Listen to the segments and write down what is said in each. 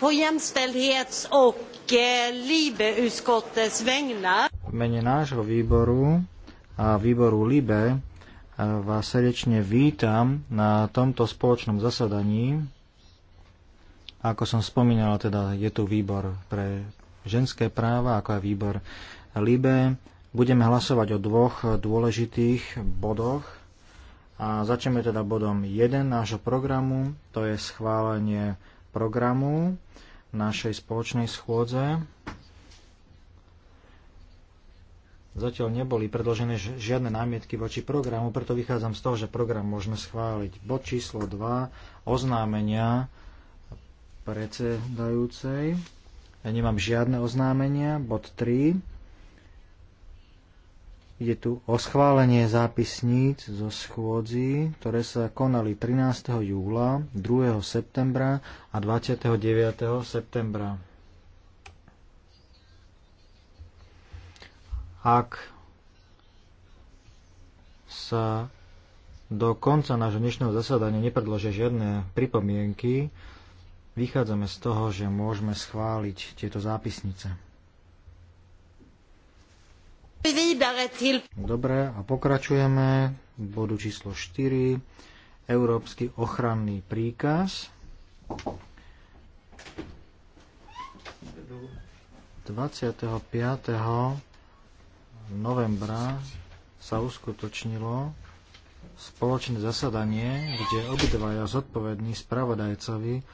på jämställdhets och eh, LIBE-utskottets vägnar. V mene nášho výboru a výboru LIBE eh, vás srdečne vítam na tomto spoločnom zasadaní. Ako som spomínal, teda je tu výbor pre ženské práva, ako aj výbor LIBE. Budeme hlasovať o dvoch dôležitých bodoch. A začneme teda bodom 1 nášho programu, to je schválenie programu našej spoločnej schôdze. Zatiaľ neboli predložené žiadne námietky voči programu, preto vychádzam z toho, že program môžeme schváliť. Bod číslo 2, oznámenia predsedajúcej. Ja nemám žiadne oznámenia. Bod 3, Ide tu o schválenie zápisníc zo schôdzí, ktoré sa konali 13. júla, 2. septembra a 29. septembra. Ak sa do konca nášho dnešného zasadania nepredložia žiadne pripomienky, vychádzame z toho, že môžeme schváliť tieto zápisnice. Dobre, a pokračujeme v bodu číslo 4. Európsky ochranný príkaz. 25. novembra sa uskutočnilo spoločné zasadanie, kde obidvaja zodpovední spravodajcovi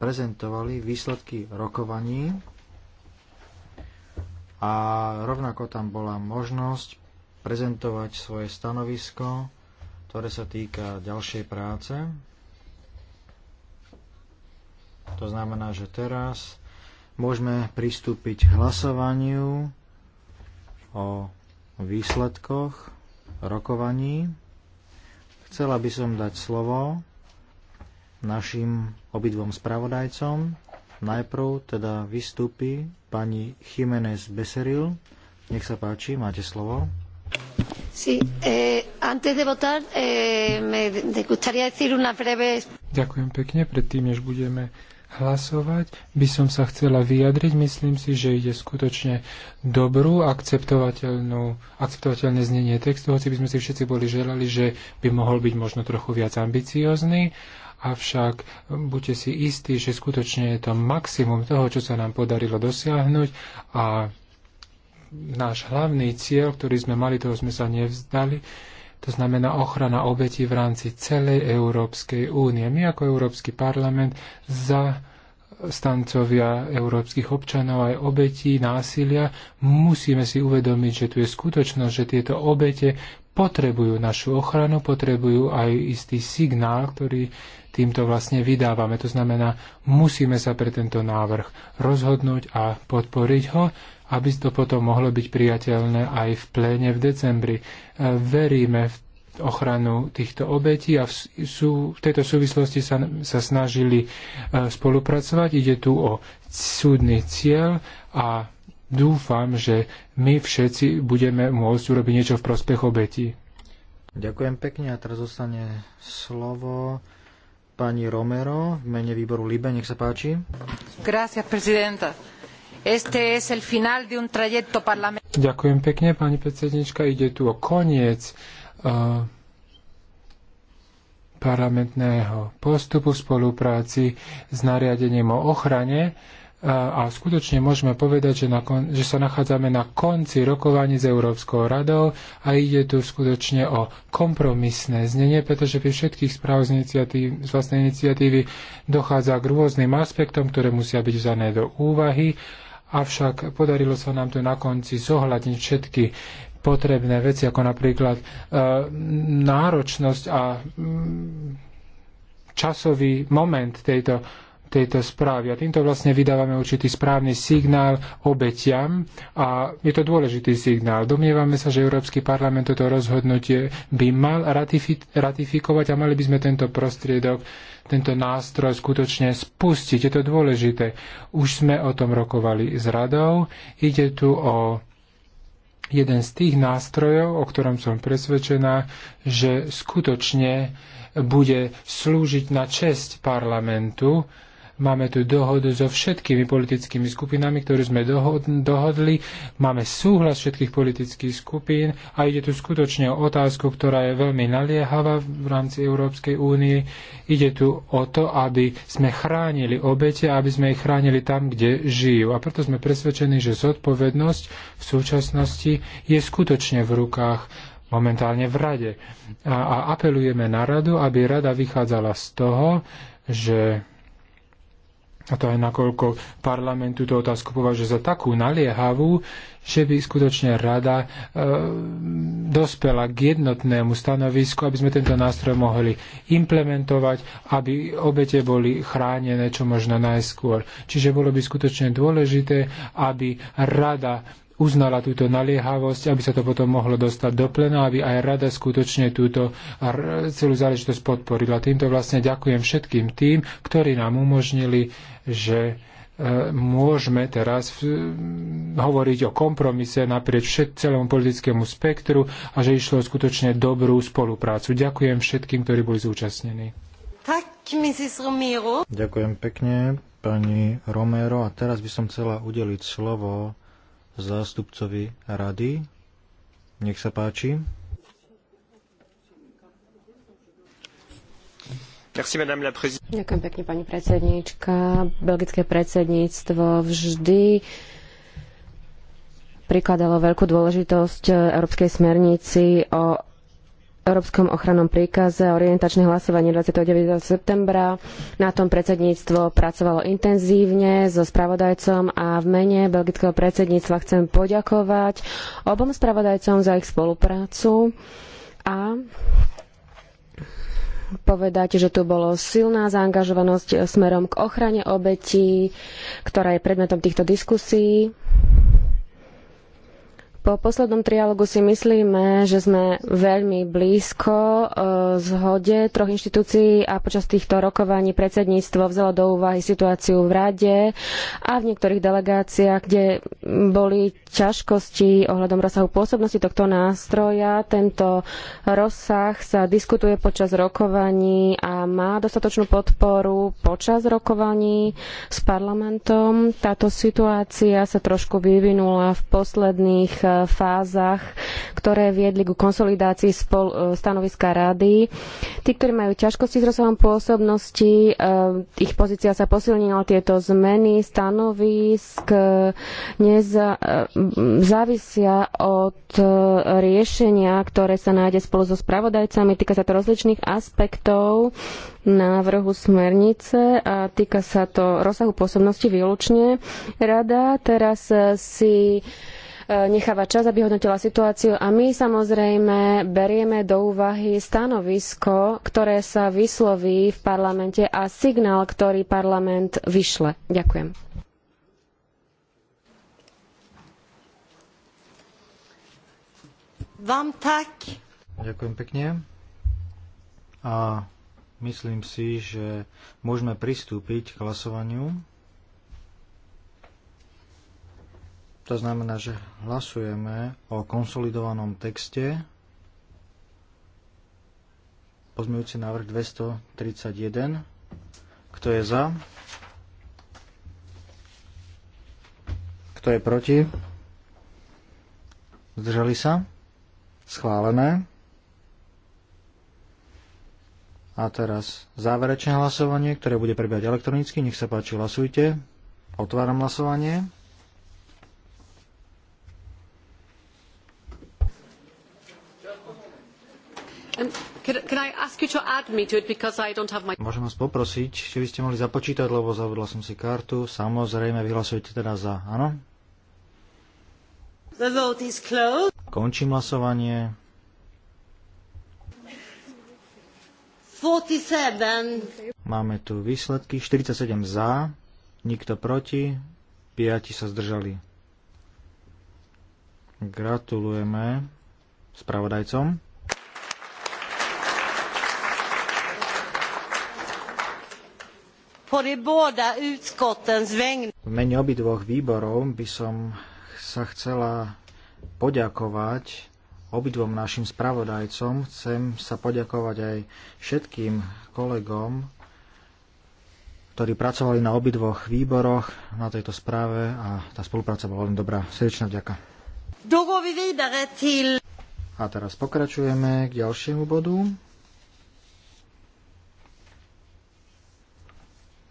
prezentovali výsledky rokovaní a rovnako tam bola možnosť prezentovať svoje stanovisko, ktoré sa týka ďalšej práce. To znamená, že teraz môžeme pristúpiť k hlasovaniu o výsledkoch rokovaní. Chcela by som dať slovo našim obidvom spravodajcom, Najprv teda vystúpi pani Jiménez Beseril. Nech sa páči, máte slovo. Sí, eh, antes de votar, eh, me gustaría decir una breve... Ďakujem pekne. Predtým, než budeme hlasovať, by som sa chcela vyjadriť. Myslím si, že ide skutočne dobrú, akceptovateľnú, akceptovateľné znenie textu, hoci by sme si všetci boli želali, že by mohol byť možno trochu viac ambiciózny, avšak buďte si istí, že skutočne je to maximum toho, čo sa nám podarilo dosiahnuť a náš hlavný cieľ, ktorý sme mali, toho sme sa nevzdali, to znamená ochrana obetí v rámci celej Európskej únie. My ako Európsky parlament za stancovia európskych občanov aj obetí násilia, musíme si uvedomiť, že tu je skutočnosť, že tieto obete potrebujú našu ochranu, potrebujú aj istý signál, ktorý týmto vlastne vydávame. To znamená, musíme sa pre tento návrh rozhodnúť a podporiť ho, aby to potom mohlo byť priateľné aj v pléne v decembri. E, veríme v ochranu týchto obetí a v, sú, v tejto súvislosti sa, sa snažili e, spolupracovať. Ide tu o súdny cieľ a dúfam, že my všetci budeme môcť urobiť niečo v prospech obetí. Ďakujem pekne a teraz zostane slovo pani Romero v mene výboru Libe. Nech sa páči. Gracias, prezidenta. Este es el final de un trayecto parlament... Ďakujem pekne, pani predsednička. Ide tu o koniec uh, parlamentného postupu v spolupráci s nariadením o ochrane a skutočne môžeme povedať, že, na kon, že sa nachádzame na konci rokovaní s Európskou radou a ide tu skutočne o kompromisné znenie, pretože pri všetkých správ z, iniciatív, z vlastnej iniciatívy dochádza k rôznym aspektom, ktoré musia byť vzané do úvahy, avšak podarilo sa nám tu na konci zohľadniť všetky potrebné veci, ako napríklad e, náročnosť a mm, časový moment tejto tejto správy. A týmto vlastne vydávame určitý správny signál obetiam a je to dôležitý signál. Domnievame sa, že Európsky parlament toto rozhodnutie by mal ratifi- ratifikovať a mali by sme tento prostriedok, tento nástroj skutočne spustiť. Je to dôležité. Už sme o tom rokovali s radou. Ide tu o jeden z tých nástrojov, o ktorom som presvedčená, že skutočne bude slúžiť na česť parlamentu Máme tu dohodu so všetkými politickými skupinami, ktorú sme dohodli. Máme súhlas všetkých politických skupín a ide tu skutočne o otázku, ktorá je veľmi naliehavá v rámci Európskej únie. Ide tu o to, aby sme chránili obete, aby sme ich chránili tam, kde žijú. A preto sme presvedčení, že zodpovednosť v súčasnosti je skutočne v rukách momentálne v rade. A, a apelujeme na radu, aby rada vychádzala z toho, že a to aj nakoľko parlament túto otázku považuje za takú naliehavú, že by skutočne rada e, dospela k jednotnému stanovisku, aby sme tento nástroj mohli implementovať, aby obete boli chránené čo možno najskôr. Čiže bolo by skutočne dôležité, aby rada uznala túto naliehavosť, aby sa to potom mohlo dostať do plena, aby aj rada skutočne túto celú záležitosť podporila. Týmto vlastne ďakujem všetkým tým, ktorí nám umožnili, že e, môžeme teraz hovoriť o kompromise naprieč všet, celému politickému spektru a že išlo skutočne dobrú spoluprácu. Ďakujem všetkým, ktorí boli zúčastnení. Tak, Mrs. Romero. Ďakujem pekne, pani Romero. A teraz by som chcela udeliť slovo zástupcovi rady. Nech sa páči. Ďakujem pekne, pani predsedníčka. Belgické predsedníctvo vždy prikladalo veľkú dôležitosť Európskej smernici o Európskom ochrannom príkaze orientačné hlasovanie 29. septembra. Na tom predsedníctvo pracovalo intenzívne so spravodajcom a v mene belgického predsedníctva chcem poďakovať obom spravodajcom za ich spoluprácu a povedať, že tu bolo silná zaangažovanosť smerom k ochrane obetí, ktorá je predmetom týchto diskusí po poslednom trialogu si myslíme, že sme veľmi blízko e, zhode troch inštitúcií a počas týchto rokovaní predsedníctvo vzalo do úvahy situáciu v rade a v niektorých delegáciách, kde boli ťažkosti ohľadom rozsahu pôsobnosti tohto nástroja. Tento rozsah sa diskutuje počas rokovaní a má dostatočnú podporu počas rokovaní s parlamentom. Táto situácia sa trošku vyvinula v posledných fázach, ktoré viedli ku konsolidácii spol, e, stanoviska rady. Tí, ktorí majú ťažkosti s rozsahom pôsobnosti, e, ich pozícia sa posilnila, tieto zmeny stanovisk e, neza, závisia od riešenia, ktoré sa nájde spolu so spravodajcami. Týka sa to rozličných aspektov návrhu smernice a týka sa to rozsahu pôsobnosti výlučne. Rada teraz si necháva čas, aby hodnotila situáciu a my samozrejme berieme do úvahy stanovisko, ktoré sa vysloví v parlamente a signál, ktorý parlament vyšle. Ďakujem. Vám tak. Ďakujem pekne. A myslím si, že môžeme pristúpiť k hlasovaniu. To znamená, že hlasujeme o konsolidovanom texte pozmejúci návrh 231. Kto je za? Kto je proti? Zdržali sa? Schválené. A teraz záverečné hlasovanie, ktoré bude prebiehať elektronicky. Nech sa páči, hlasujte. Otváram hlasovanie. Môžem vás poprosiť, či by ste mohli započítať, lebo zavodla som si kartu. Samozrejme, vyhlasujete teda za, áno? Končím hlasovanie. 47. Máme tu výsledky. 47 za, nikto proti, 5 sa zdržali. Gratulujeme spravodajcom. V mene obidvoch výborov by som sa chcela poďakovať obidvom našim spravodajcom. Chcem sa poďakovať aj všetkým kolegom, ktorí pracovali na obidvoch výboroch na tejto správe a tá spolupráca bola veľmi dobrá. Srdečná vďaka. A teraz pokračujeme k ďalšiemu bodu.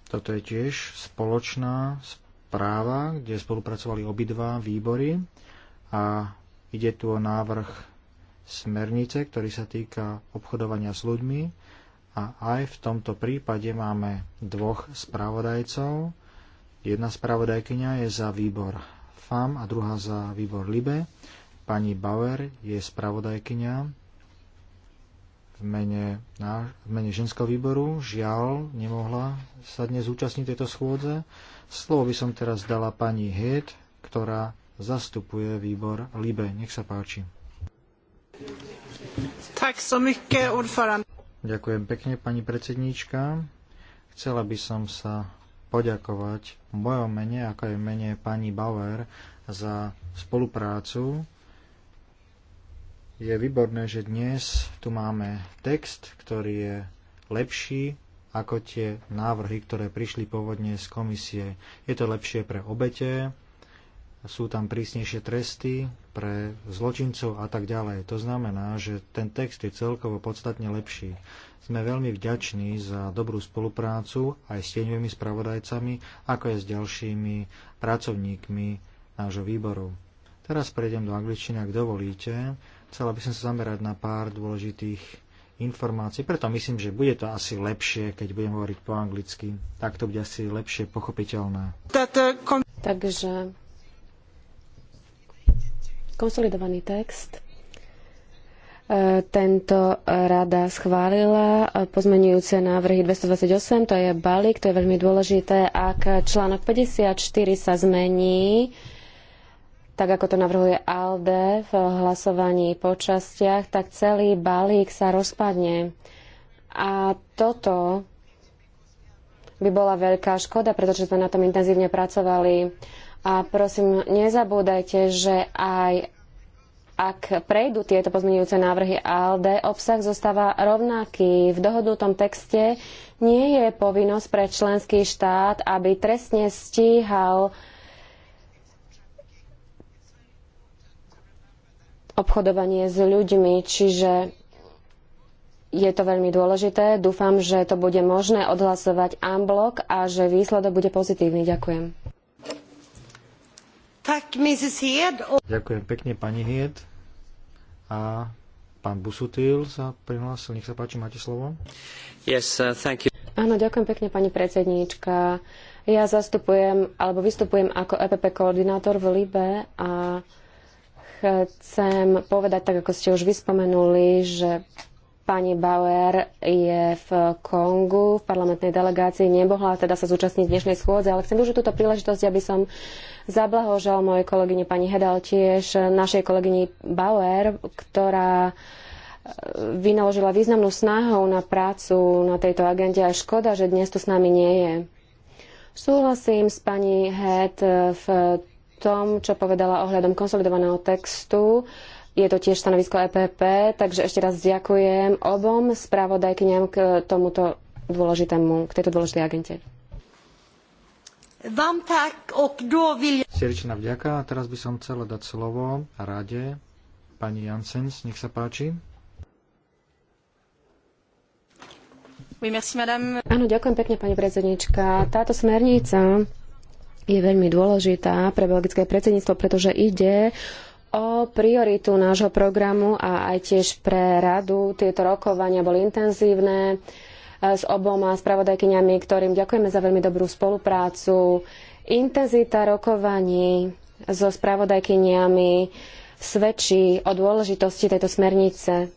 Toto je tiež spoločná správa, kde spolupracovali obidva výbory a ide tu o návrh smernice, ktorý sa týka obchodovania s ľuďmi a aj v tomto prípade máme dvoch spravodajcov. Jedna spravodajkynia je za výbor FAM a druhá za výbor LIBE. Pani Bauer je spravodajkynia v mene, na, v mene ženského výboru. Žiaľ, nemohla sa dnes zúčastniť tejto schôdze. Slovo by som teraz dala pani Hed, ktorá zastupuje výbor Libe. Nech sa páči. Tak som myke, Ďakujem pekne, pani predsedníčka. Chcela by som sa poďakovať v mojom mene, ako aj mene pani Bauer, za spoluprácu je výborné, že dnes tu máme text, ktorý je lepší ako tie návrhy, ktoré prišli pôvodne z komisie. Je to lepšie pre obete, sú tam prísnejšie tresty pre zločincov a tak ďalej. To znamená, že ten text je celkovo podstatne lepší. Sme veľmi vďační za dobrú spoluprácu aj s tieňovými spravodajcami, ako aj s ďalšími pracovníkmi nášho výboru. Teraz prejdem do angličtiny, ak dovolíte. Chcela by som sa zamerať na pár dôležitých informácií, preto myslím, že bude to asi lepšie, keď budem hovoriť po anglicky. Tak to bude asi lepšie pochopiteľné. Takže konsolidovaný text e, tento rada schválila e, pozmenujúce návrhy 228, to je balík, to je veľmi dôležité. Ak článok 54 sa zmení, tak ako to navrhuje ALDE v hlasovaní po častiach, tak celý balík sa rozpadne. A toto by bola veľká škoda, pretože sme na tom intenzívne pracovali. A prosím, nezabúdajte, že aj ak prejdú tieto pozmeňujúce návrhy ALD, obsah zostáva rovnaký. V dohodnutom texte nie je povinnosť pre členský štát, aby trestne stíhal obchodovanie s ľuďmi, čiže je to veľmi dôležité. Dúfam, že to bude možné odhlasovať unblock a že výsledok bude pozitívny. Ďakujem. Ďakujem pekne, pani Hied. A pán Busutil sa prihlásil. Nech sa páči, máte slovo. Yes, uh, thank you. Áno, ďakujem pekne, pani predsedníčka. Ja zastupujem, alebo vystupujem ako EPP koordinátor v Libe a Chcem povedať, tak ako ste už vyspomenuli, že pani Bauer je v Kongu v parlamentnej delegácii, nemohla teda sa zúčastniť dnešnej schôdze, ale chcem využiť túto príležitosť, aby som zablahožal mojej kolegyne pani Hedal tiež našej kolegyni Bauer, ktorá e, vynaložila významnú snahou na prácu na tejto agende a škoda, že dnes tu s nami nie je. Súhlasím s pani Het e, v tom, čo povedala ohľadom konsolidovaného textu. Je to tiež stanovisko EPP, takže ešte raz ďakujem obom spravodajkyňam k tomuto dôležitému, k tejto dôležitej agente. Vám tak, ok, vil... vďaka. A teraz by som chcela dať slovo rade pani Jansens. Nech sa páči. Oui, merci, Áno, ďakujem pekne, pani predsednička. Táto smernica je veľmi dôležitá pre belgické predsedníctvo, pretože ide o prioritu nášho programu a aj tiež pre radu. Tieto rokovania boli intenzívne e, s oboma spravodajkyňami, ktorým ďakujeme za veľmi dobrú spoluprácu. Intenzita rokovaní so spravodajkyniami svedčí o dôležitosti tejto smernice.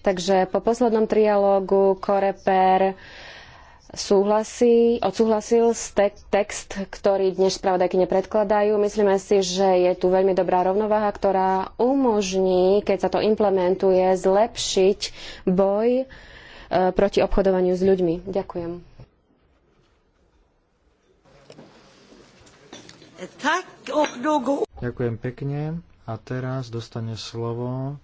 Takže po poslednom trialógu Koreper súhlasí, odsúhlasil text, ktorý dnes spravodajkyne predkladajú. Myslíme si, že je tu veľmi dobrá rovnováha, ktorá umožní, keď sa to implementuje, zlepšiť boj e, proti obchodovaniu s ľuďmi. Ďakujem. Ďakujem pekne. A teraz dostane slovo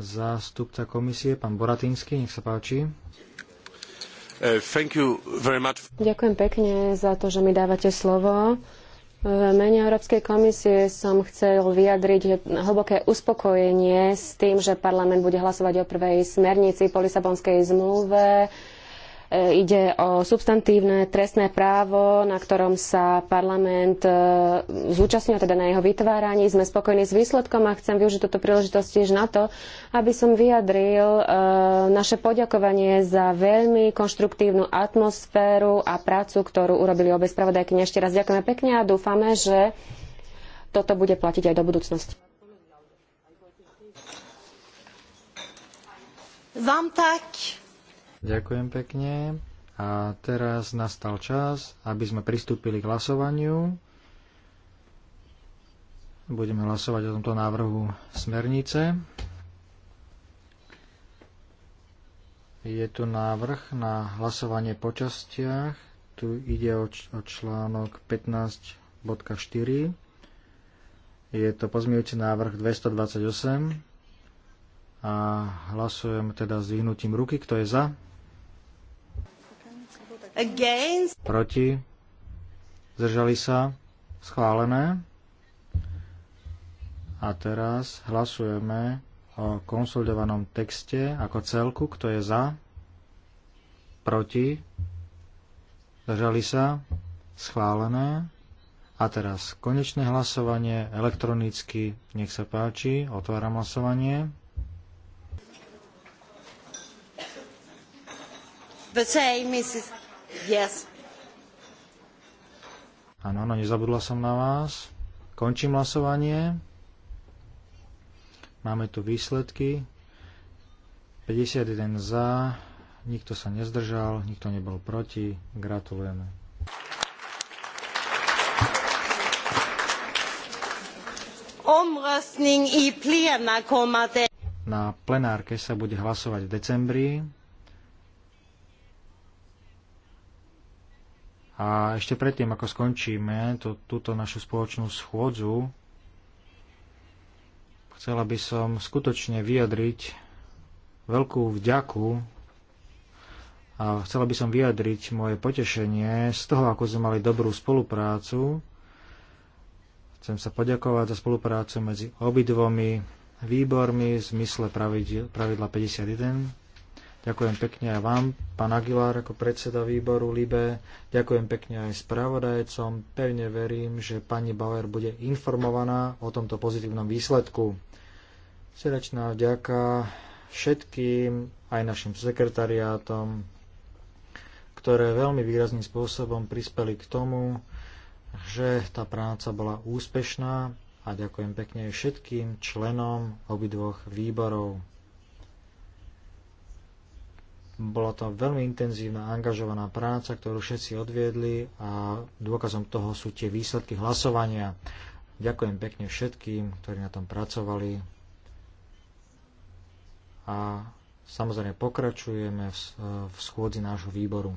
zástupca komisie, pán Boratinsky, nech sa páči. Uh, Ďakujem pekne za to, že mi dávate slovo. V mene Európskej komisie som chcel vyjadriť hlboké uspokojenie s tým, že parlament bude hlasovať o prvej smernici po Lisabonskej zmluve. E, ide o substantívne trestné právo, na ktorom sa parlament e, zúčastňuje, teda na jeho vytváraní. Sme spokojní s výsledkom a chcem využiť túto príležitosť tiež na to, aby som vyjadril e, naše poďakovanie za veľmi konštruktívnu atmosféru a prácu, ktorú urobili obe spravodajky. Ešte raz ďakujeme pekne a dúfame, že toto bude platiť aj do budúcnosti. Vám tak. Ďakujem pekne. A teraz nastal čas, aby sme pristúpili k hlasovaniu. Budeme hlasovať o tomto návrhu smernice. Je tu návrh na hlasovanie po častiach. Tu ide o, o článok 15.4. Je to pozmiujúci návrh 228. A hlasujem teda s vyhnutím ruky. Kto je za? Against. Proti. Zdržali sa. Schválené. A teraz hlasujeme o konsolidovanom texte ako celku. Kto je za? Proti. Zdržali sa. Schválené. A teraz konečné hlasovanie elektronicky. Nech sa páči. Otváram hlasovanie. The same, Mrs. Yes. Áno, áno, nezabudla som na vás. Končím hlasovanie. Máme tu výsledky. 51 za, nikto sa nezdržal, nikto nebol proti. Gratulujeme. Na plenárke sa bude hlasovať v decembri. A ešte predtým, ako skončíme to, túto našu spoločnú schôdzu, chcela by som skutočne vyjadriť veľkú vďaku a chcela by som vyjadriť moje potešenie z toho, ako sme mali dobrú spoluprácu. Chcem sa poďakovať za spoluprácu medzi obidvomi výbormi v zmysle pravidla 51 Ďakujem pekne aj vám, pán Aguilar, ako predseda výboru LIBE. Ďakujem pekne aj spravodajcom. Pevne verím, že pani Bauer bude informovaná o tomto pozitívnom výsledku. Srdečná vďaka všetkým, aj našim sekretariátom, ktoré veľmi výrazným spôsobom prispeli k tomu, že tá práca bola úspešná a ďakujem pekne všetkým členom obidvoch výborov. Bola to veľmi intenzívna, angažovaná práca, ktorú všetci odviedli a dôkazom toho sú tie výsledky hlasovania. Ďakujem pekne všetkým, ktorí na tom pracovali. A samozrejme pokračujeme v, schôdzi nášho výboru.